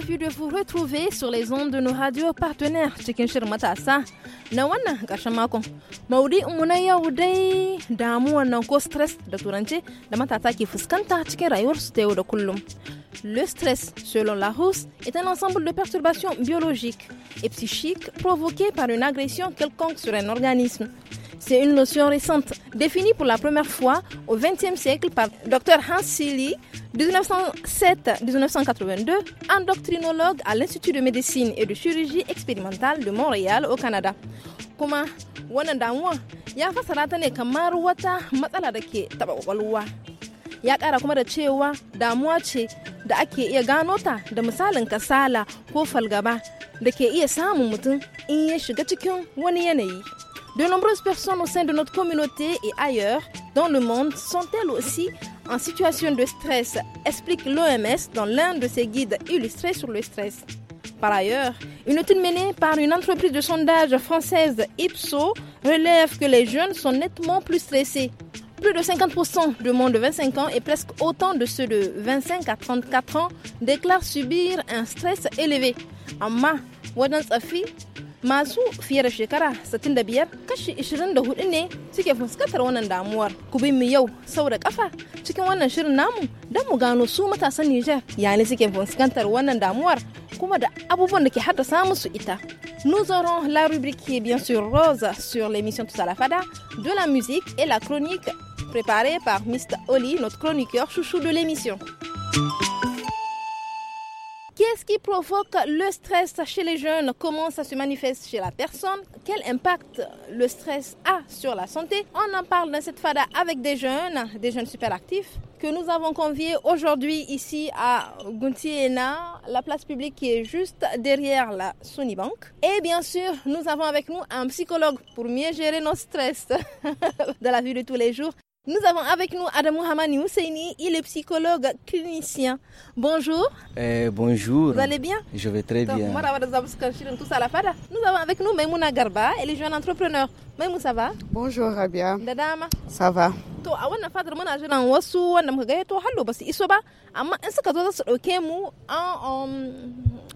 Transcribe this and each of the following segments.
ravie de vous retrouver sur les ondes de nos radios partenaires. Chicken shirin matasa na wannan ƙarshen makon. Maudu'inmu na yau dai damuwar nan ko stress da turanci da matasa ke fuskanta cikin rayuwarsu ta yau da kullum. Le stress, selon la Larousse, est un ensemble de perturbations biologiques et psychiques provoquées par une agression quelconque sur un organisme. C'est une notion récente, définie pour la première fois au XXe siècle par Dr Hans Silly, 1907-1982, endocrinologue à l'Institut de médecine et de chirurgie expérimentale de Montréal au Canada. Comment de nombreuses personnes au sein de notre communauté et ailleurs dans le monde sont elles aussi en situation de stress, explique l'OMS dans l'un de ses guides illustrés sur le stress. Par ailleurs, une étude menée par une entreprise de sondage française Ipso relève que les jeunes sont nettement plus stressés. Plus de 50% de monde de 25 ans et presque autant de ceux de 25 à 34 ans déclarent subir un stress élevé. Amma, wadan tsafi masu fiye da shekara 65 kashi 24 ne suke fuskantar wannan damuwar. Ku bi mu yau sau da kafa cikin wannan shirin namu don mu gano su matasan Nijar yani suke fuskantar wannan damuwar kuma da abubuwan da ke haddasa musu ita. Nous aurons la rubrique qui est bien sûr rose sur l'émission Tout à la Fada, de la musique et la chronique préparé par Mr. Oli, notre chroniqueur chouchou de l'émission. Qu'est-ce qui provoque le stress chez les jeunes Comment ça se manifeste chez la personne Quel impact le stress a sur la santé On en parle dans cette fada avec des jeunes, des jeunes super actifs, que nous avons conviés aujourd'hui ici à Guntiena, la place publique qui est juste derrière la Sony Bank. Et bien sûr, nous avons avec nous un psychologue pour mieux gérer nos stress dans la vie de tous les jours. Nous avons avec nous Adam Mohamani Husseini, il est psychologue clinicien. Bonjour. Euh, bonjour. Vous allez bien Je vais très bien. Nous avons avec nous Maimouna Garba, elle est jeune entrepreneur. Maimou, ça va Bonjour Rabia. Madame. Ça va. To a wannan fadar muna jira wasu wanda muka gaya to hallo ba su iso ba amma in suka zo za su dauke mu um,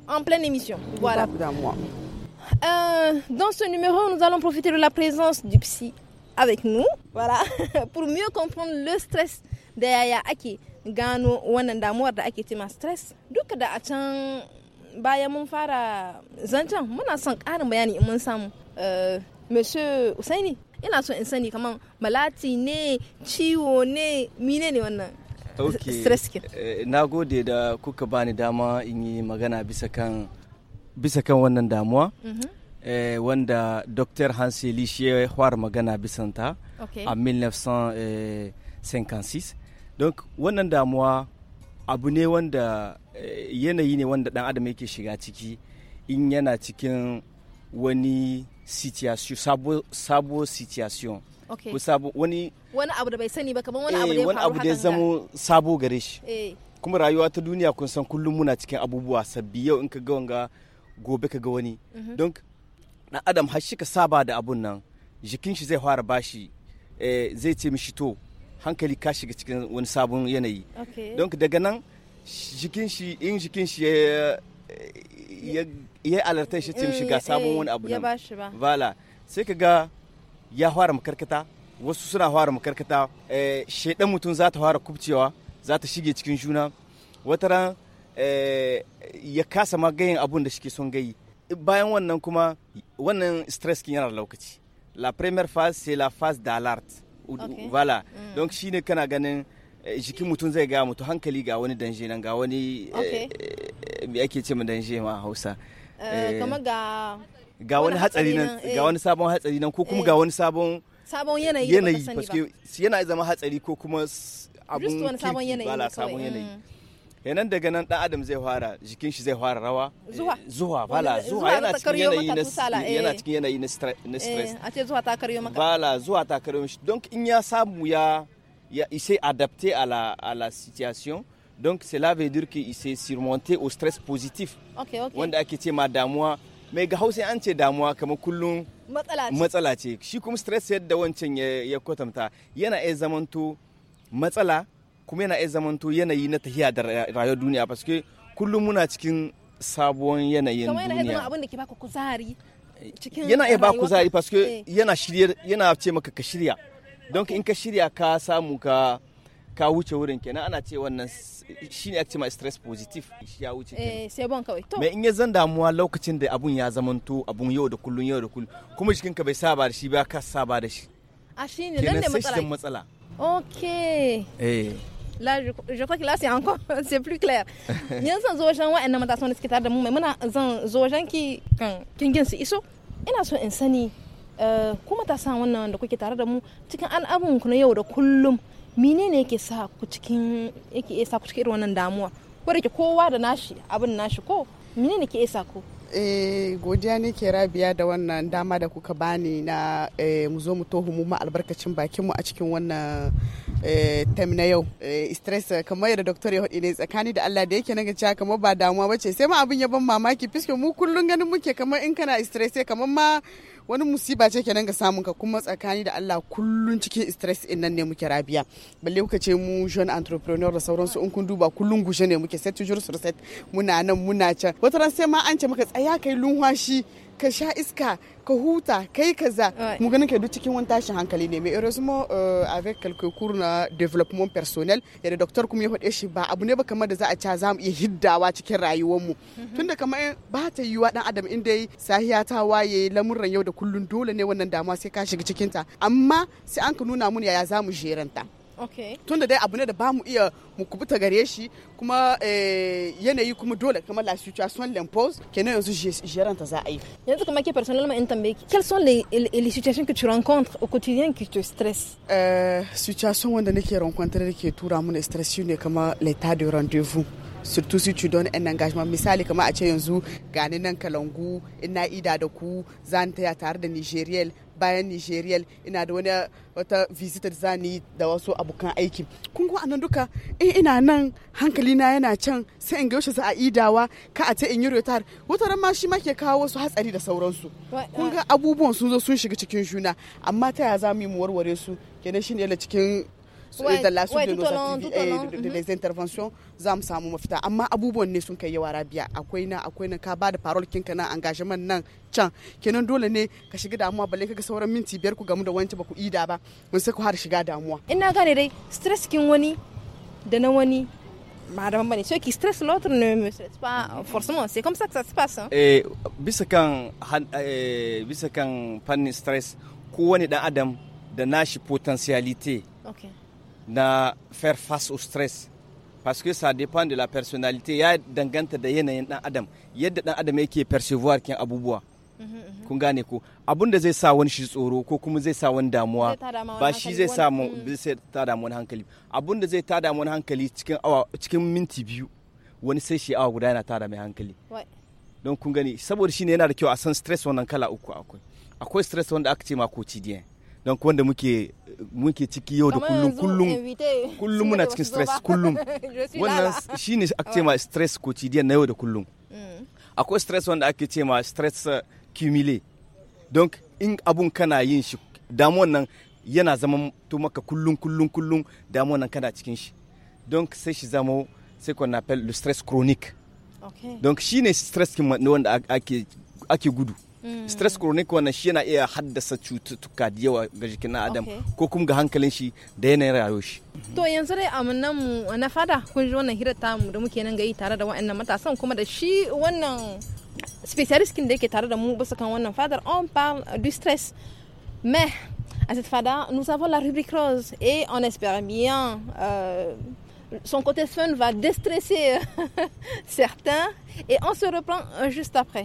en pleine émission. Voilà. Euh, dans ce numéro, nous allons profiter de la présence du psy avec nous, voilà, pour mieux comprendre le stress da yaya ake gano wannan damuwar da ake tima stress. Duka da a can bayan mun fara zancen muna son ƙarin bayani in mun samu. Eh, Monsieur Usaini, ina so in sani kamar malati ne, ciwo ne, mine ne wannan stress kin. Eh, na gode da kuka bani dama in yi magana bisa kan bisa kan wannan damuwa. Mm -hmm. eh, wanda dr hans shi ya fara magana bisanta okay. a 1956 don wannan damuwa abu ne wanda eh, yanayi ne wanda dan adam yake shiga ciki in yana cikin wani situation sabo, sabo situation okay. ko sabo wani wani abu da bai sani ba kamar wani eh, abu da ya wani abu da ya zama sabo gare shi eh. kuma rayuwa ta duniya kun san kullum muna cikin abubuwa sabbi yau in ka ga wanga gobe ka ga wani mm -hmm. don dan adam har shi ka saba da abun nan jikin shi zai fara bashi eh, zai ce mishi to hankali ka shiga cikin wani sabon yanayi don daga nan jikin shi in jikin shi ya alerta shi ce mishi ga eh, sabon eh, wani abu nan vala sai ka ga ya fara makarkata wasu suna fara makarkata shaidan mutum za ta fara kubcewa za ta shige cikin juna wataran ya kasa ma gayin abun da shike son gayi bayan wannan kuma wannan stress kin yana lokaci la première phase c'est la phase d'alerte okay. voilà mm. donc ne kana ganin eh, jikin mutum zai ga mutu hankali ga wani danje nan ga wani eh, eh, me ake ce mu danje ma Hausa kamar ga ga wani hatsari nan ga wani sabon hatsari nan ko kuma ga wani sabon sabon yanayi yanayi yana zama hatsari ko kuma abun sabon yanayi mm. kenan daga nan dan adam zai fara jikin shi zai fara rawa zuwa eh, zuwa bala zuwa eh. yana cikin yanayi na yana cikin yanayi na eh, stress a ce zuwa ta karyo maka bala zuwa ta karyo shi donc in ya samu ya ya s'est adapté à la à la situation donc cela veut dire qu'il s'est surmonté au stress positif okay, okay. wanda ake ce ma damuwa mai ga hausa an ce damuwa kamar kullum matsala ce shi kuma stress yadda wancan ya kwatanta yana iya zamanto matsala kuma yana iya zamanto yanayi na tahiya da rayuwar duniya paske kullum muna cikin sabuwar yanayin duniya abin da ke ku kuzari yana iya ba kuzari paske eh. yana shirya yana ce maka ka shirya don in ka shirya ka samu ka ka wuce wurin kenan ana ce wannan shine ake ma stress positive shi ya wuce eh sai bon kawai to me in ya zan damuwa lokacin da abun ya zamanto abun yau da kullun yau da kullun kuma ka bai saba da shi ba ka saba da shi a ah, shine dan ne matsala okay eh là je, je crois que là c'est encore c'est plus clair yan san zo wajen wa'annan matasan da suke tare da mu mai muna zan zo wajen ki kan kin gin su iso ina so in ta ku wannan da kuke tare da mu cikin al'amuran ku na yau da kullum ne yake sa ku cikin yake sa ku cikin irin wannan damuwa ko da ke kowa da nashi abin nashi ko ne ke sa ku eh godiya ne ke rabiya da wannan dama da kuka bani na eh, mu zo mu tohu mu ma albarkacin mu a cikin wannan Eh, tem na yau eh, stress eh, kamar yadda doktor ya hudu ne tsakani da Allah da yake na gaci kamar ba damuwa bace sai ma abin ya ban mamaki fiske mu kullun ganin muke kamar in kana stress sai kamar ma wani musiba ce kenan ga samun ka kuma tsakani da Allah kullun cikin stress din nan ne muke rabiya balle kuka ce mu jeune entrepreneur da sauransu in kun duba kullun gushe ne muke set to set muna nan muna can wata ran sai ma an ce maka tsaya kai lunwashi ka sha iska ka huta kai kaza mu ganin ka duk cikin wani tashin hankali ne mai erasmo eh, avec quelques cours na development personnel da doctor kuma ya faɗe shi ba abu ne ba kamar da za a ca za mu iya hiddawa cikin rayuwar mu mm-hmm. tunda kamar ba ta yiwa dan adam inda yi sahiya ta waye lamuran yau da kullun dole ne wannan damuwa sai ka shiga cikin ta amma sai an ka nuna mun yaya za mu jeranta tunda dai abu ne da mu iya mu kubuta gare shi kuma eh, yanayi kuma dole kamar la situation l'impose kenan yanzu jeranta za a yi yanzu kuma ke personnellement in tambaye ki quelles sont les, les situations que tu rencontres au quotidien qui te stressent euh, situation wanda nake rencontrer ke tura mun stress shi ne kama l'état de rendez-vous surtout si tu donnes un engagement misali kama a ce yanzu gani nan kalangu ina ida da ku zan taya tare da nigeriel bayan Nigeria ina da wani wata visitor zani da wasu abokan aiki kun ga anan duka in ina nan hankali na yana can sai in ga yaushe a idawa ka a ce in yi rotar wata ma shi ma ke kawo wasu hatsari da sauransu kun ga abubuwan sun zo sun shiga cikin juna amma ta ya za mu yi mu warware su kenan shine cikin ouais, de la suite ouais, de nos activités mm-hmm. les interventions za mu samu mafita amma abubuwan ne sun kai yawa rabiya akwai na akwai na ka ba da parole kinka na engagement nan can kenan dole ne ka shiga damuwa balle kaga sauran minti biyar ku gamu da wancan ba ku ida ba mun sai ku har shiga damuwa ina gane dai stress kin wani da na wani madame bane ceux ki stress l'autre ne me stress pas forcément. C'est comme ça que ça se passe. Eh, bisa kan eh, bisa kan fannin stress kowane dan adam da nashi potentiality. Okay. na faire face au stress parce que ça dépend de la personnalité ya danganta da yanayin dan adam yadda dan adam yake percevoir kin abubuwa mhm, mhm. kun gane ko abun da zai sa wani shi tsoro ko kuma zai sa wani damuwa ba shi zai sa mu zai mm. ta damu wani hankali abun da zai ta damu wani hankali cikin awa cikin minti biyu wani sai shi awa guda yana ta da mai hankali don kun gani saboda shine yana da kyau a san stress wannan kala uku akwai akwai stress wanda aka ce ma quotidien don wanda muke muke ciki yau da kullum kullum kullum muna cikin stress kullum wannan shine ake ma oh. stress quotidien na yau da kullum mm. akwai stress wanda ake ce ma stress uh, cumulé don in abun kana yin shi damuwan nan yana zama to maka kullum kullum kullum damuwan nan kana cikin shi don sai shi zama sai qu'on appelle le stress chronique donc shine stress wanda ake gudu Mm. stress chronic wannan shi yana iya haddasa cututtuka da yawa ga jikin na adam ko kuma ga hankalin shi da yanayin rayuwar shi to yanzu dai amannan mu na fada kun ji wannan hirar tamu da muke nan gayi tare da wa'annan matasan kuma da shi wannan specialist kin da yake tare da mu parce qu'en wannan father on parle du stress mais à cette fada nous avons la rubrique rose et on espère bien euh, son côté fun va déstresser certains et on se reprend juste après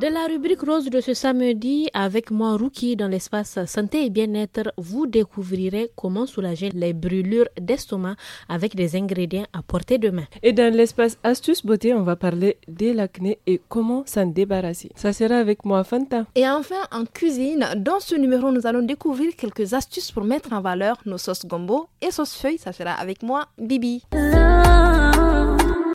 De la rubrique rose de ce samedi, avec moi Rookie dans l'espace santé et bien-être, vous découvrirez comment soulager les brûlures d'estomac avec des ingrédients à portée de main. Et dans l'espace astuces beauté, on va parler de l'acné et comment s'en débarrasser. Ça sera avec moi Fanta. Et enfin, en cuisine, dans ce numéro, nous allons découvrir quelques astuces pour mettre en valeur nos sauces gombo et sauces feuilles. Ça sera avec moi Bibi.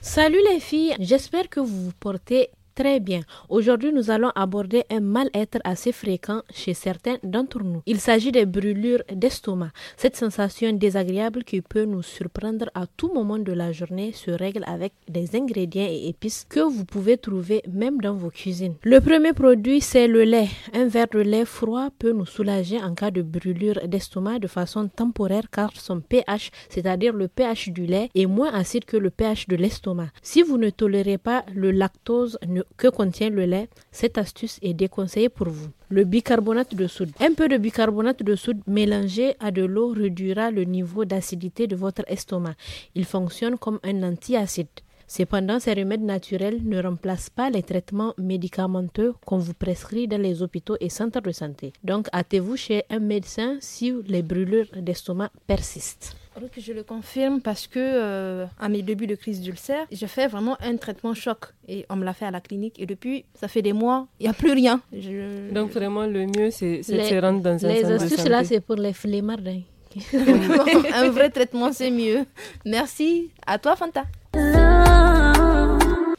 Salut les filles, j'espère que vous vous portez Très bien. Aujourd'hui, nous allons aborder un mal-être assez fréquent chez certains d'entre nous. Il s'agit des brûlures d'estomac. Cette sensation désagréable qui peut nous surprendre à tout moment de la journée se règle avec des ingrédients et épices que vous pouvez trouver même dans vos cuisines. Le premier produit, c'est le lait. Un verre de lait froid peut nous soulager en cas de brûlure d'estomac de façon temporaire car son pH, c'est-à-dire le pH du lait, est moins acide que le pH de l'estomac. Si vous ne tolérez pas le lactose, ne que contient le lait, cette astuce est déconseillée pour vous. Le bicarbonate de soude. Un peu de bicarbonate de soude mélangé à de l'eau réduira le niveau d'acidité de votre estomac. Il fonctionne comme un antiacide. Cependant, ces remèdes naturels ne remplacent pas les traitements médicamenteux qu'on vous prescrit dans les hôpitaux et centres de santé. Donc, hâtez-vous chez un médecin si les brûlures d'estomac persistent je le confirme parce que euh, à mes débuts de crise d'ulcère, je fais vraiment un traitement choc et on me l'a fait à la clinique et depuis ça fait des mois, il n'y a plus rien. Donc vraiment le mieux c'est de se rendre dans un Les astuces là c'est pour les flemmards. un vrai traitement c'est mieux. Merci à toi Fanta.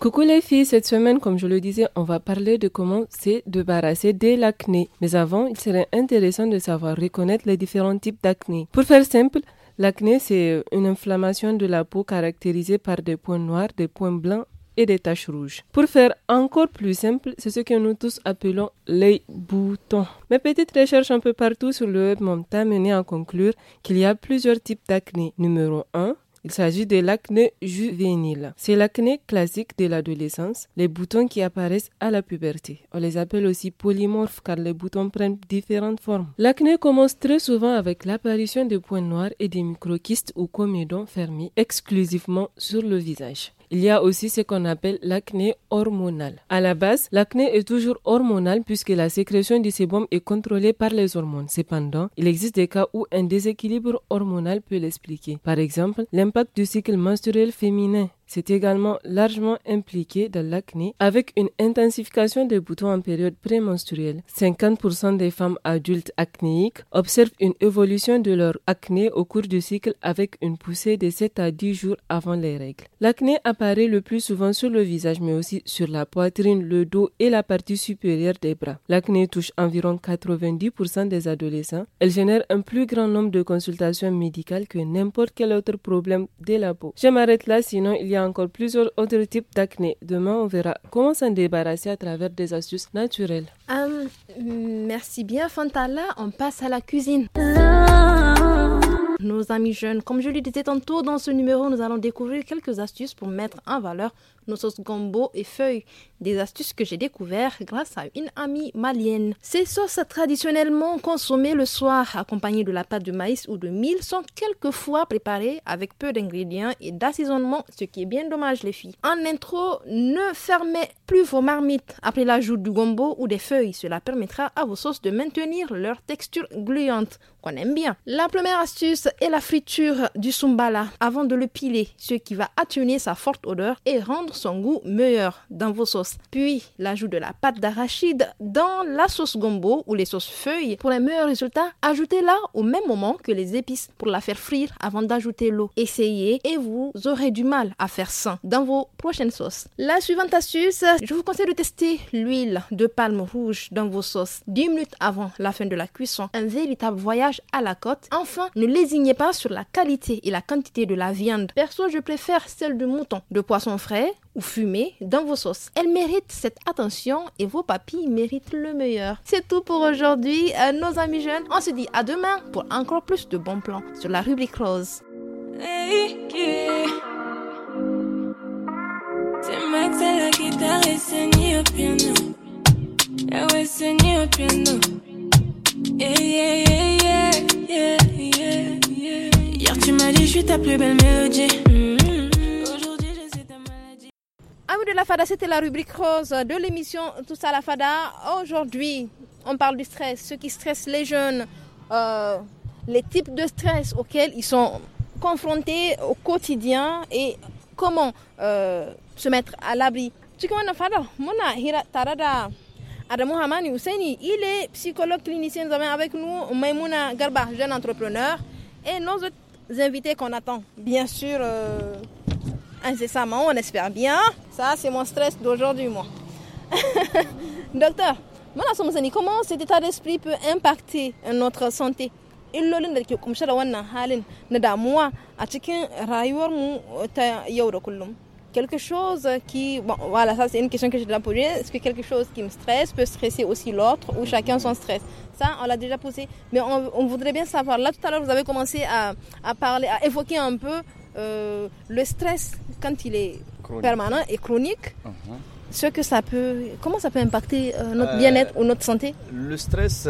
Coucou les filles, cette semaine, comme je le disais, on va parler de comment se débarrasser de l'acné. Mais avant, il serait intéressant de savoir reconnaître les différents types d'acné. Pour faire simple, L'acné, c'est une inflammation de la peau caractérisée par des points noirs, des points blancs et des taches rouges. Pour faire encore plus simple, c'est ce que nous tous appelons les boutons. Mes petites recherches un peu partout sur le web m'ont amené à conclure qu'il y a plusieurs types d'acné. Numéro 1, il s'agit de l'acné juvénile. C'est l'acné classique de l'adolescence, les boutons qui apparaissent à la puberté. On les appelle aussi polymorphes car les boutons prennent différentes formes. L'acné commence très souvent avec l'apparition de points noirs et des microquistes ou comédons fermés exclusivement sur le visage. Il y a aussi ce qu'on appelle l'acné hormonal. À la base, l'acné est toujours hormonal puisque la sécrétion du sébum est contrôlée par les hormones. Cependant, il existe des cas où un déséquilibre hormonal peut l'expliquer. Par exemple, l'impact du cycle menstruel féminin c'est également largement impliqué dans l'acné avec une intensification des boutons en période prémenstruelle. 50% des femmes adultes acnéiques observent une évolution de leur acné au cours du cycle avec une poussée de 7 à 10 jours avant les règles. L'acné apparaît le plus souvent sur le visage mais aussi sur la poitrine, le dos et la partie supérieure des bras. L'acné touche environ 90% des adolescents. Elle génère un plus grand nombre de consultations médicales que n'importe quel autre problème de la peau. Je m'arrête là sinon il y a encore plusieurs autres types d'acné. Demain, on verra comment s'en débarrasser à travers des astuces naturelles. Hum, hum, merci bien, Fantala. On passe à la cuisine. Nos amis jeunes, comme je le disais tantôt dans ce numéro, nous allons découvrir quelques astuces pour mettre en valeur nos sauces gombo et feuilles, des astuces que j'ai découvertes grâce à une amie malienne. Ces sauces traditionnellement consommées le soir, accompagnées de la pâte de maïs ou de mil, sont quelquefois préparées avec peu d'ingrédients et d'assaisonnement, ce qui est bien dommage les filles. En intro, ne fermez plus vos marmites après l'ajout du gombo ou des feuilles, cela permettra à vos sauces de maintenir leur texture gluante qu'on aime bien. La première astuce est la friture du sumbala avant de le piler, ce qui va atténuer sa forte odeur et rendre son goût meilleur dans vos sauces. Puis l'ajout de la pâte d'arachide dans la sauce gombo ou les sauces feuilles. Pour les meilleurs résultats, ajoutez-la au même moment que les épices pour la faire frire avant d'ajouter l'eau. Essayez et vous aurez du mal à faire ça dans vos prochaines sauces. La suivante astuce, je vous conseille de tester l'huile de palme rouge dans vos sauces 10 minutes avant la fin de la cuisson. Un véritable voyage à la côte. Enfin, ne lésignez pas sur la qualité et la quantité de la viande. Perso, je préfère celle de mouton, de poisson frais ou fumer dans vos sauces. Elle mérite cette attention et vos papilles méritent le meilleur. C'est tout pour aujourd'hui, euh, nos amis jeunes. On se dit à demain pour encore plus de bons plans sur la rubrique rose. Hier tu m'as dit je suis ta plus belle mélodie mm. Amis de la Fada, c'était la rubrique rose de l'émission Tout à la Fada. Aujourd'hui, on parle du stress, ce qui stresse les jeunes, euh, les types de stress auxquels ils sont confrontés au quotidien et comment euh, se mettre à l'abri. Adamou Hamani il est psychologue clinicien avec nous, Maimouna Garba, jeune entrepreneur, et nos autres invités qu'on attend. Bien sûr, euh, incessamment, on espère bien. Ça, c'est mon stress d'aujourd'hui, moi. Docteur, comment cet état d'esprit peut impacter notre santé quelque chose qui voilà ça c'est une question que j'ai déjà posée. est-ce que quelque chose qui me stresse peut stresser aussi l'autre ou chacun son stress ça on l'a déjà posé mais on, voudrait bien savoir là tout à l'heure vous avez commencé à, à parler à évoquer un peu euh, le stress, quand il est permanent et chronique, uh-huh. ça peut, comment ça peut impacter euh, notre euh, bien-être ou notre santé Le stress,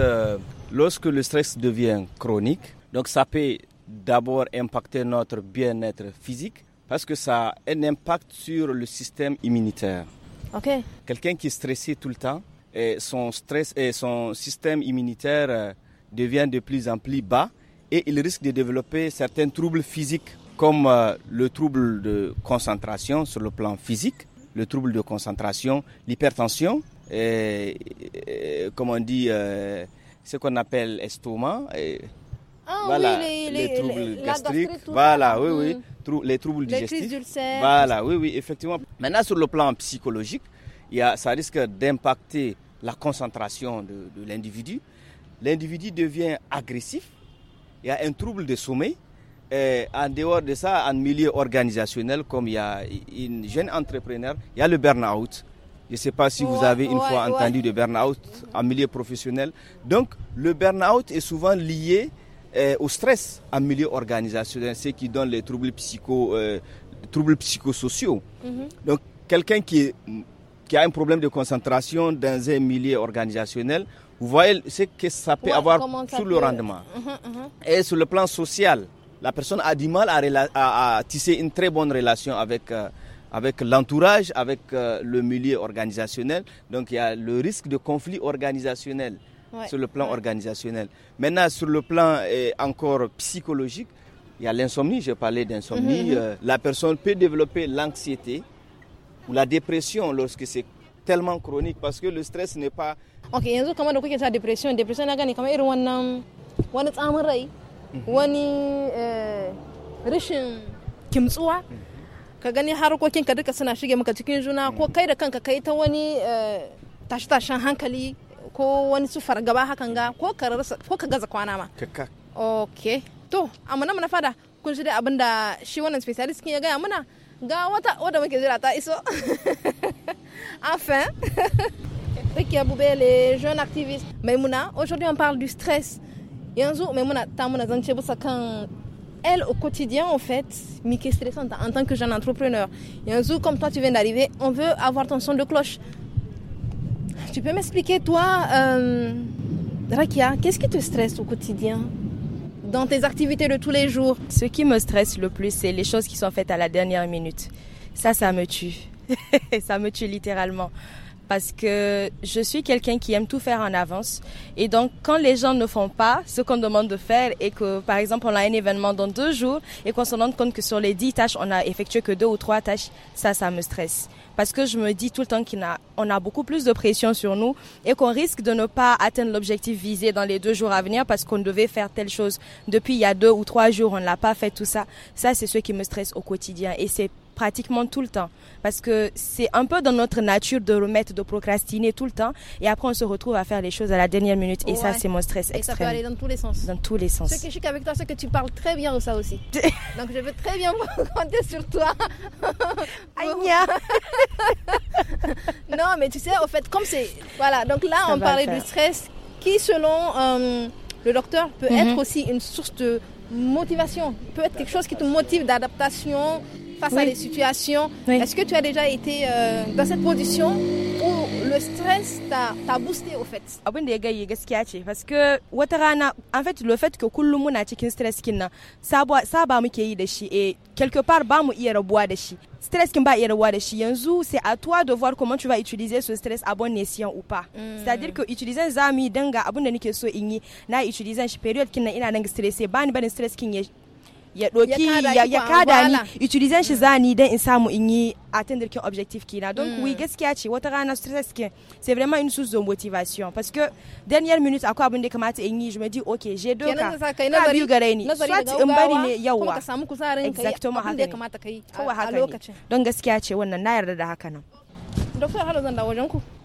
lorsque le stress devient chronique, donc ça peut d'abord impacter notre bien-être physique parce que ça a un impact sur le système immunitaire. Ok. Quelqu'un qui est stressé tout le temps, et son stress et son système immunitaire devient de plus en plus bas et il risque de développer certains troubles physiques comme euh, le trouble de concentration sur le plan physique, le trouble de concentration, l'hypertension, et, comme on dit, euh, ce qu'on appelle estomac. Et, ah voilà, les, troubles gastriques, voilà, oui, oui, hmm. les troubles digestifs. Voilà, oui, oui, effectivement. Maintenant, sur le plan psychologique, il y a, ça risque d'impacter la concentration de, de l'individu. L'individu devient agressif, il y a un trouble de sommeil, eh, en dehors de ça, en milieu organisationnel, comme il y a une jeune entrepreneur, il y a le burn-out. Je ne sais pas si vous avez une fois entendu de burn-out en milieu professionnel. Donc, le burn-out est souvent lié eh, au stress en milieu organisationnel, ce qui donne les troubles, psycho, euh, troubles psychosociaux. Mhm. Donc, quelqu'un qui, a un problème de concentration dans un milieu organisationnel, vous voyez ce que ça peut avoir sur le rendement. Mhm, mhm. Et sur le plan social, la personne a du mal à, tisser une très bonne relation avec, euh, avec l'entourage, avec euh, le milieu organisationnel. Donc il y a le risque de conflit organisationnel sur le plan organisationnel. Maintenant, sur le plan euh, encore psychologique, il y a l'insomnie, j'ai parlé d'insomnie. Mhm. la personne peut développer l'anxiété ou la dépression lorsque c'est tellement chronique parce que le stress n'est pas... Ok, Mhm. wani eh, rashin kimtsuwa ka gani harkokin ka duka suna shige maka cikin juna ko mhm. kai da kanka kai ta wani eh, tashi tashen hankali ko wani sufar gaba hakan ga ko ka gaza kwana ma ok to amma na fada kun shi dai abin da shi wannan specialist ya gaya muna ga wata wadda muke jira ta iso enfin Ricky Aboubel est jeune activiste Maimouna aujourd'hui on parle du stress mais elle au quotidien en fait Mickey stressante hein, en tant que jeune entrepreneur yanzu comme toi tu viens d'arriver on veut avoir ton son de cloche tu peux m'expliquer toi euh, Rakia qu'est-ce qui te stresse au quotidien dans tes activités de tous les jours Ce qui me stresse le plus, c'est les choses qui sont faites à la dernière minute. Ça, ça me tue. ça me tue littéralement parce que je suis quelqu'un qui aime tout faire en avance. Et donc, quand les gens ne font pas ce qu'on demande de faire et que, par exemple, on a un événement dans deux jours et qu'on se rend compte que sur les dix tâches, on a effectué que deux ou trois tâches, ça, ça me stresse. Parce que je me dis tout le temps qu'on a, beaucoup plus de pression sur nous et qu'on risque de ne pas atteindre l'objectif visé dans les deux jours à venir parce qu'on devait faire telle chose depuis il y a deux ou trois jours, on ne l'a pas fait, tout ça. Ça, c'est ce qui me stresse au quotidien et c'est pratiquement tout le temps. Parce que c'est un peu dans notre nature de remettre, de procrastiner tout le temps. Et après, on se retrouve à faire les choses à la dernière minute. Et ça, c'est mon stress extrême. Et ça peut aller dans tous les sens. Dans tous les sens. Ce qui est chic avec toi, c'est que tu parles très bien de ça aussi. Donc, je veux très bien compter sur toi. Aïnia Non, mais tu sais, au fait, comme c'est. Voilà, donc là, on parlait du stress qui, selon euh, le docteur, peut mm-hmm. être aussi une source de motivation, peut être quelque chose qui te motive d'adaptation, face à des situations. Est-ce que tu as déjà été euh, dans cette position où le stress t'a boosté au fait que en fait le fait que tout le monde stress ça et quelque part stress qui c'est à toi de voir comment tu vas utiliser ce stress à bon escient ou pas hmm. c'est-à-dire que utiliser zami danga un period ina nan stress, un stress kin ya doki ya kada ni utilizan shi zani dan in samu in yi atteindre kin objective kina ku mm. yi gaskiya ce wata rana stress ke c'est vraiment une source de motivation parce que dernière minute akwai abin da kamata in yi je me dis ok je doka ka biyu gare ni soit in bari ne yawa ka samu kuzarin kai abin da kamata kai a lokacin don gaskiya ce wannan na yarda da haka nan doctor har zan da wajen ku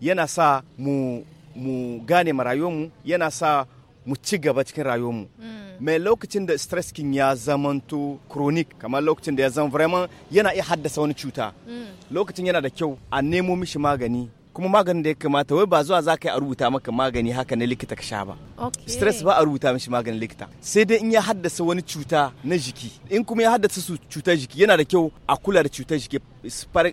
yana sa mu mu gane marayu mu yana sa mu ci gaba cikin rayuwarmu mm. mai lokacin da stress kin ya zamanto chronic kamar lokacin da ya zama vraiment yana iya haddasa wani cuta mm. lokacin yana da kyau a nemo mishi magani kuma maganin da ya kamata wai ba zuwa za ka yi a rubuta maka magani haka na likita ka sha ba stress ba a rubuta mishi maganin likita sai dai in ya haddasa wani cuta na jiki in kuma ya haddasa su cutar jiki yana da kyau a kula da cutar jiki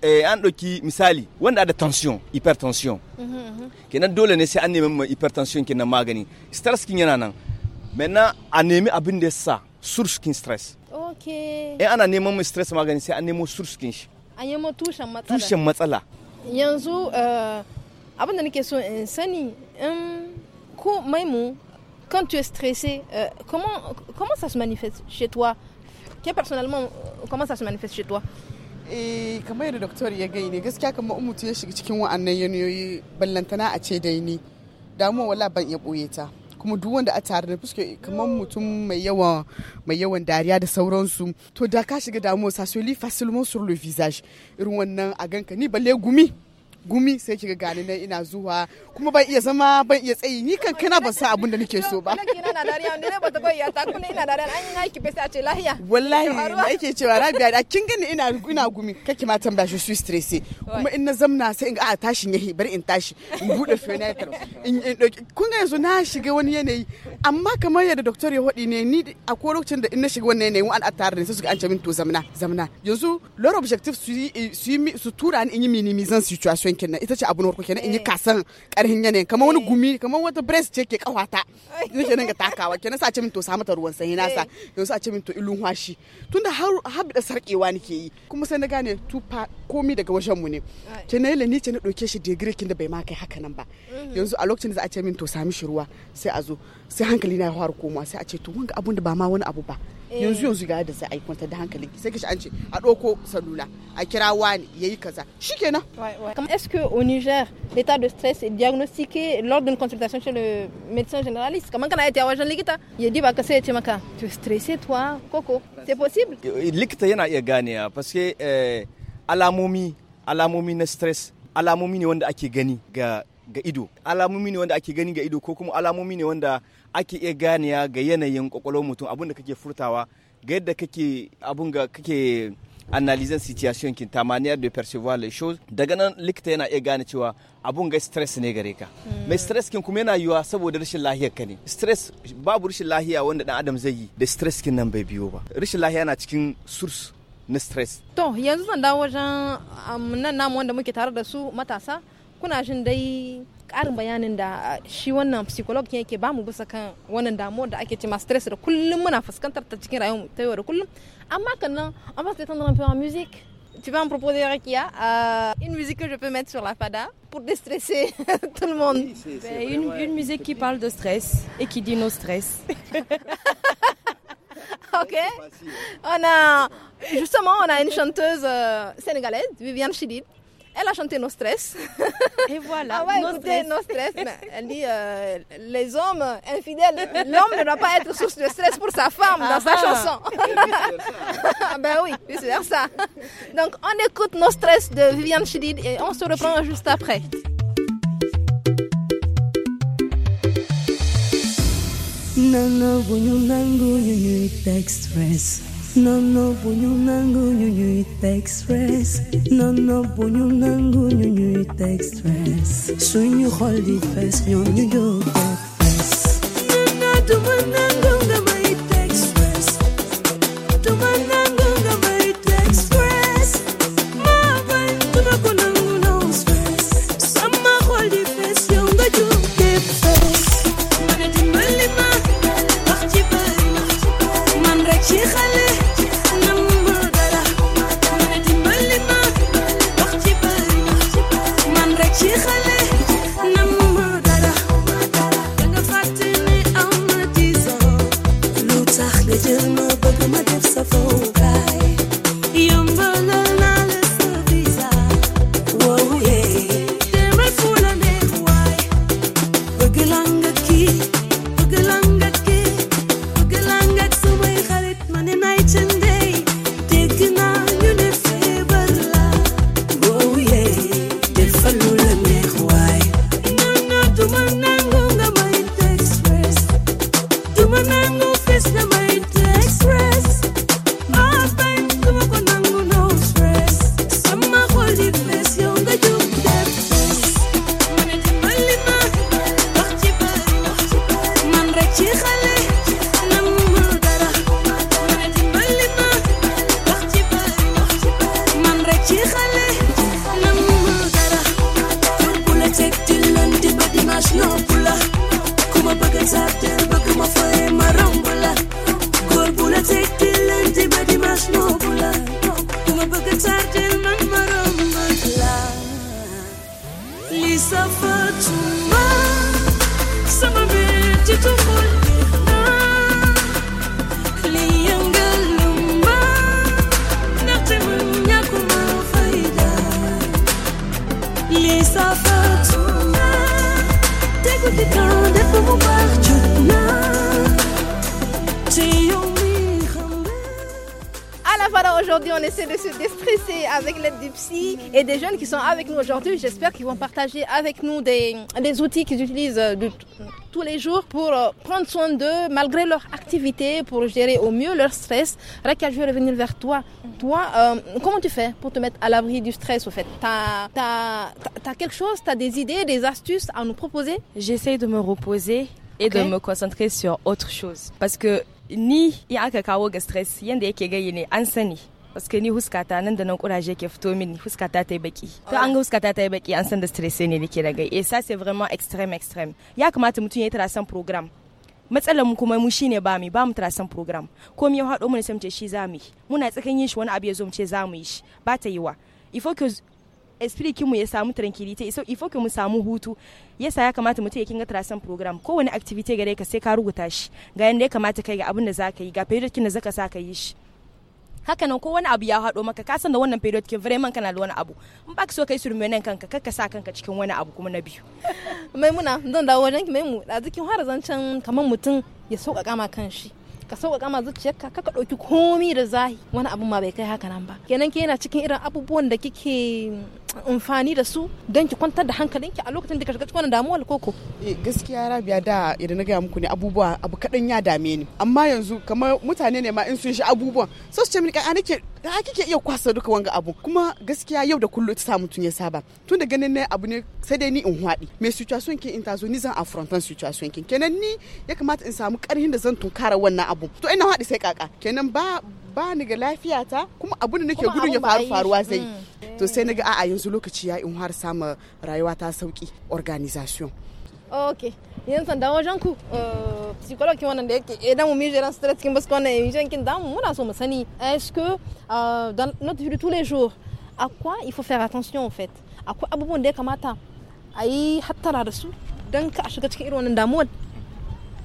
eh, an ɗauki misali wanda da tension hypertension mhm, mhm. kenan dole ne sai an nemi ma hypertension kenan magani stress kin yana nan maintenant a nemi abin da ya sa source kin stress okay in ana neman stress magani sai an nemo source kin shi an nemo tushen matsala tushen matsala yanzu euh, abin da nake so in sani in um, ko maimu quand tu es stressé euh, comment comment ça se manifeste chez toi que personnellement comment ça se manifeste chez toi eh kamar yadda doktor ya gani gaskiya kamar in mutum ya shiga cikin wa'annan yanayoyi ballantana a ce dai ni damuwa wala ban iya ɓoye ta kuma duk wanda a tare da fuske kamar mutum mai yawan mai yawan dariya da sauransu to da ka shiga damuwa sa sur le visage irin wannan a ganka ni balle gumi gumi sai kiga gani nan ina zuwa kuma ban iya zama ban iya tsayi ni kan kana ban san abin da nake so ba wallahi na yake cewa rabiya da kin gani ina ina gumi kake ma tambaya shi su stress kuma in na zamna sai in ga a ah, tashin yahi bari in tashi in bude fenetar in dauki kun ga yanzu na shiga wani yanayi amma kamar yadda doktor ya hodi ne ni a ko lokacin da in na shiga wannan yanayi wani attar ne sai su ga an ce min to zamna zamna yanzu leur objective su yi su tura ni in yi minimizan situation wajen kenan ita ce abu na farko kenan in yi eh. kasan karhin yanayin kamar wani eh. gumi kamar wata breast ce ke kawata ita kenan ga takawa kenan sa ce min to sa mata ruwan sanyi na sa eh. yanzu a ce min to ilun washi tunda har har da sarkewa ke yi kuma sai na gane tufa komi daga wajen mu ne kenan ni ce na dauke shi degree kin da bai ma kai haka nan ba mm-hmm. yanzu a lokacin da za a ce min to sami shi ruwa sai a zo sai hankali na ya fara komawa sai a ce to wanga abun da ba ma wani abu ba Eh. yanzu yanzu ga da sai a kwanta da hankali sai kashi an ce a ɗauko salula a kira wani yayi kaza kama est-ce que au Niger l'état de stress est diagnostiqué lors d'une consultation chez le médecin généraliste comment kana yace wajen likita ya ba ka sai ya ce maka tu stressé toi koko c'est possible likita euh, yana iya gane ah, parce que euh, alamomi alamomi na stress alamomi ne wanda ake gani ga ga ido alamomi ne wanda ake gani ga ido ko kuma alamomi ne wanda ake iya ganiya ga yanayin kwakwalwar mutum abun da kake furtawa ga yadda kake abun ga kake analyzing situation kin ta manière de percevoir les choses daga nan likita yana iya gane cewa abun ga stress ne gare ka hmm. mai stress kin kuma yana yiwa saboda rashin lahiyar ka ne stress babu rashin lahiya wanda dan adam zai yi da stress kin nan bai biyo ba rashin lahiya na cikin source na stress to yanzu zan dawo wajen um, nan namu wanda muke tare da su matasa kuna jin dai karin bayanin da ah, shi wannan yake mu bisa kan wannan damuwar da ake stress da kullum muna fuskantar ta cikin ta da kullum amma On un peu en musique Tu vas me proposer, qui euh, une musique que je peux mettre sur la fada pour déstresser tout le monde. Ben, une, musique qui parle de stress et qui dit nos stress. ok. Hein. On a, justement, on a une chanteuse euh, sénégalaise, Viviane Chidid, elle a chanté Nos Stress. Et voilà. Elle ah Nos Stress. elle dit euh, les hommes infidèles, l'homme ne doit pas être source de stress pour sa femme dans sa ah. chanson. ben oui, vice ça. Donc on écoute Nos Stress de Viviane Chidid et on se reprend juste après. No no bunyunangu takes stress. No no bunyunangu nyunyuita express Sunyu holidays nyunyuita express No no avec l'aide du psy et des jeunes qui sont avec nous aujourd'hui. J'espère qu'ils vont partager avec nous des, des outils qu'ils utilisent tous les jours pour euh, prendre soin d'eux malgré leur activité, pour gérer au mieux leur stress. Raka, je vais revenir vers toi. Toi, euh, comment tu fais pour te mettre à l'abri du stress au fait T'as as, quelque chose, t'as des idées, des astuces à nous proposer J'essaie de me reposer et de me concentrer sur autre chose. Parce que ni il y a stress, il y a paske ni huskata nan da nan kuraje ke fito mini huskata ta yi baki to an ga huskata ta yi baki an san da stress ne nake da gai eh ça c'est vraiment extrême extrême ya kamata mutum ya yi trasan program matsalar mu kuma mu shine ba mu ba mu trasan program Ko ya hado mu sai mu ce shi za mu yi muna tsakan yin shi wani abu ya zo mu ce za mu yi shi ba ta yi wa il faut que esprit mu ya samu tranquility so il faut que mu samu hutu yasa ya kamata mutum ya kinga trasan program kowane activity gare ka sai ka rubuta shi ga yanda ya kamata kai ga abin da zaka yi ga period kin da zaka sa ka yi shi haka nan ko wani abu ya haɗo maka ka san da wannan period ke vraiment kana da wani abu in ba ka so kai surmenan kanka kar ka sa kanka cikin wani abu kuma na biyu maimuna zan dawo wajen ki maimu da zikin har zancen kamar mutum ya sauƙaƙa ma kan shi ka sauƙaƙa ma zuciyarka ka ka ɗauki komi da zahi wani abu ma bai kai haka nan ba kenan ke yana cikin irin abubuwan da kike amfani da su don ki kwantar da hankalinki a lokacin da ka shiga cikin damuwa damuwar koko eh gaskiya Rabiya da idan na gaya muku ne abubuwa abu kadan ya dame ni amma yanzu kamar mutane ne ma in sun shi abubuwan sai su ce mini kai nake da kike iya kwasa duka wanga abu kuma gaskiya yau da kullum ta sa mutum ya saba tun da ganin ne abu ne sai dai ni in hwaɗi mai situation kin in tazo ni zan affrontan situation kin kenan ni ya kamata in samu karhin da zan tunkara wannan abu abu to ina haɗi sai kaka kenan ba ba ga lafiyata to sai ga organization ok yanzu sanda wajen ku eh, kin wannan da yake idan eh, mu mije ran stress kin basko wannan so sani est-ce que euh, dans notre vie de tous les jours à quoi il faut faire attention en fait quoi abubuwan a hattara da su don ka shiga cikin irin wannan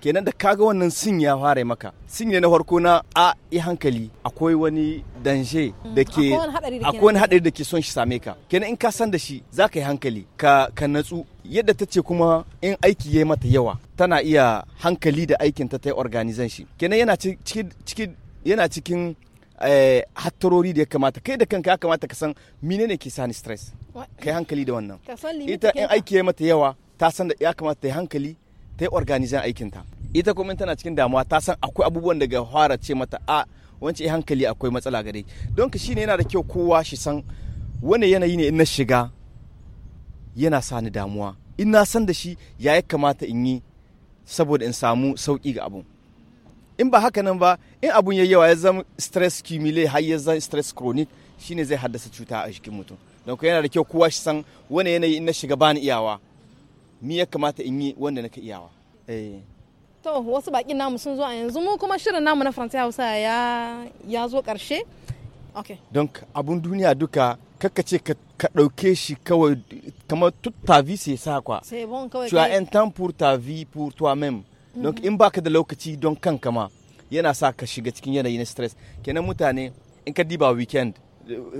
kenan da kaga wannan sin ya fara maka sin ne na farko na a yi hankali akwai wani danje mm. da ke akwai wani hadari da ke son shi same ka kenan in ka san da shi za ka yi hankali ka ka natsu yadda ta ce kuma in aiki ya yi mata yawa tana iya hankali da aikin ta ta yi organizan shi kenan yana cikin yana cikin eh, hattarori da ya kamata kai da kanka ya kamata ka san menene ke sani stress Ka yi hankali da wannan ita in aiki ya yi mata yawa ta san da ya kamata ta yi hankali ta yi aikin ta. ita kuma tana cikin damuwa ta san akwai abubuwan daga fara ce mata a wancan eh hankali akwai matsala gare don ka shine yana da kyau kowa shi san wani yanayi ne ina shiga yana sa ni damuwa in na san da shi ya ya kamata in yi saboda in samu sauki ga abun in ba haka nan ba in abun ya yawa ya zama stress cumulate har ya zama stress chronic shine zai haddasa cuta a jikin mutum don yana da kyau kowa shi san wani yanayi in na shiga bani iyawa mi ya kamata in yi wanda ka iyawa eh. to wasu bakin namu sun zo a yanzu mu kuma shirin namu na faransa hausa ya ya zo karshe okay don abun duniya duka kaka ce ka ɗauke shi kawai kamar tut ta kwa. Sai bon kawai. tu as en temps pour ta vie pour toi même mm-hmm. donc in baka da lokaci don kanka ma yana sa ka shiga cikin yanayi na stress kenan mutane in ka diba weekend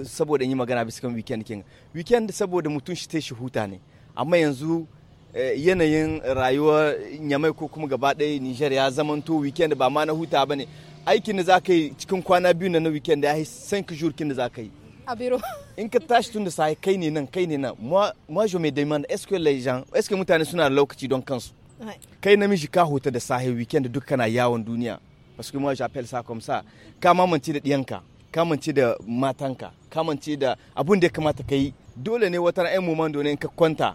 saboda in yi magana bisa kan weekend kin weekend saboda mutum shi ta shi huta ne amma yanzu Eh, yanayin rayuwar nyamai ko kuma gaba ɗaya nijar ya zamanto weekend ba ma na huta ba ne aikin da za ka yi cikin kwana biyu na weekend ya yi san ka jurkin da za ka yi a biro in ka tashi tun da sa kai ne nan kai ne nan moi je me demande est-ce que les gens est-ce que mutane suna da lokaci don kansu kai namiji ka huta da sahi weekend duk kana yawon duniya parce que moi j'appelle ça comme ça ka mamance da diyanka ka mance da matanka ka mance da abun da ya kamata ka yi dole ne wata ran ai mu ne in ka kwanta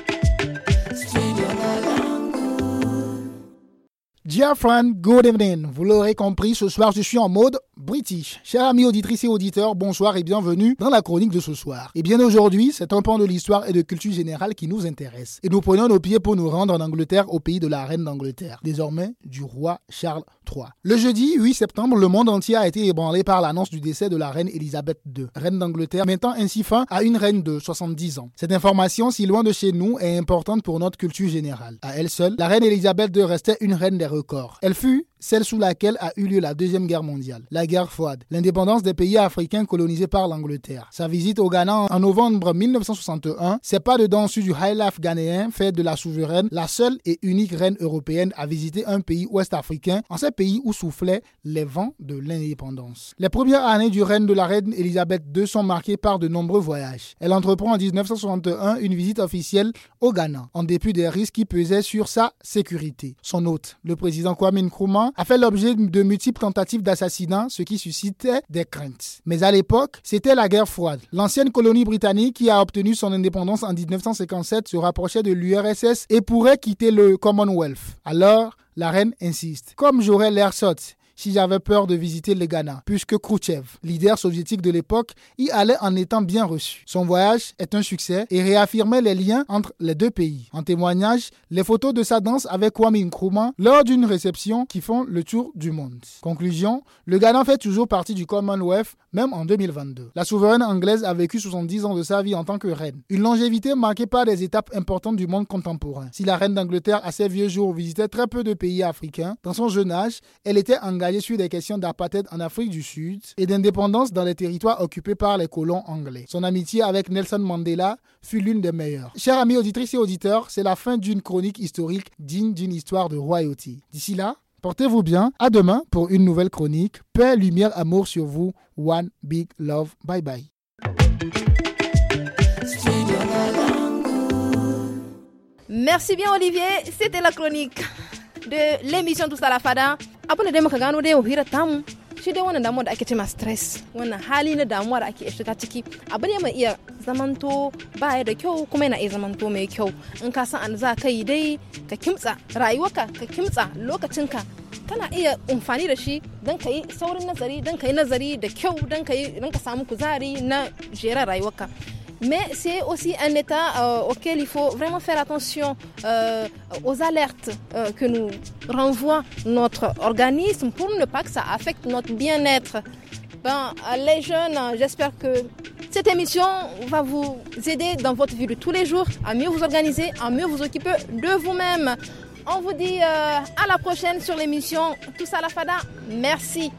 Dear friend, good evening. Vous l'aurez compris, ce soir je suis en mode british. Chers amis auditrices et auditeurs, bonsoir et bienvenue dans la chronique de ce soir. Et bien aujourd'hui, c'est un pan de l'histoire et de culture générale qui nous intéresse. Et nous prenons nos pieds pour nous rendre en Angleterre, au pays de la reine d'Angleterre, désormais du roi Charles III. Le jeudi 8 septembre, le monde entier a été ébranlé par l'annonce du décès de la reine Elisabeth II, reine d'Angleterre, mettant ainsi fin à une reine de 70 ans. Cette information, si loin de chez nous, est importante pour notre culture générale. À elle seule, la reine Elisabeth II restait une reine des corps. Elle fut celle sous laquelle a eu lieu la Deuxième Guerre mondiale, la guerre froide, l'indépendance des pays africains colonisés par l'Angleterre. Sa visite au Ghana en novembre 1961, c'est pas de danse du High Life ghanéen fait de la souveraine la seule et unique reine européenne à visiter un pays ouest-africain, en ces pays où soufflaient les vents de l'indépendance. Les premières années du règne de la reine Elisabeth II sont marquées par de nombreux voyages. Elle entreprend en 1961 une visite officielle au Ghana, en dépit des risques qui pesaient sur sa sécurité. Son hôte, le président Kwame Nkrumah, a fait l'objet de multiples tentatives d'assassinat, ce qui suscitait des craintes. Mais à l'époque, c'était la guerre froide. L'ancienne colonie britannique qui a obtenu son indépendance en 1957 se rapprochait de l'URSS et pourrait quitter le Commonwealth. Alors, la reine insiste. Comme j'aurais l'air sotte si j'avais peur de visiter le Ghana, puisque Khrouchtchev, leader soviétique de l'époque, y allait en étant bien reçu. Son voyage est un succès et réaffirmait les liens entre les deux pays. En témoignage, les photos de sa danse avec Kwame Nkrumah lors d'une réception qui font le tour du monde. Conclusion, le Ghana fait toujours partie du Commonwealth, même en 2022. La souveraine anglaise a vécu 70 ans de sa vie en tant que reine. Une longévité marquée par des étapes importantes du monde contemporain. Si la reine d'Angleterre à ses vieux jours visitait très peu de pays africains, dans son jeune âge, elle était en sur des questions d'apartheid en Afrique du Sud et d'indépendance dans les territoires occupés par les colons anglais. Son amitié avec Nelson Mandela fut l'une des meilleures. Chers amis auditrices et auditeurs, c'est la fin d'une chronique historique digne d'une histoire de royauté. D'ici là, portez-vous bien. À demain pour une nouvelle chronique. Paix, lumière, amour sur vous. One big love. Bye bye. Merci bien Olivier, c'était la chronique de l'émission Tout à Fada. abin da dai muka gano dai wahirar tamu shi dai wannan damuwa da ake cema stress wannan hali na damuwa da ake shiga ciki abu ne mai iya zamanto baya da kyau kuma yana iya zamanto mai kyau in ka san an za ka dai ka kimtsa rayuwarka ka kimtsa lokacinka kana iya amfani da shi don ka yi saurin nazari don ka yi nazari da kyau don ka samu kuzari na jerar rayuwarka mais c'est aussi un état euh, auquel il faut vraiment faire attention euh, aux alertes euh, que nous renvoie notre organisme pour ne pas que ça affecte notre bien-être. Ben, les jeunes, j'espère que cette émission va vous aider dans votre vie de tous les jours à mieux vous organiser, à mieux vous occuper de vous-même. On vous dit à la prochaine sur l'émission Tous à la Fada. Merci.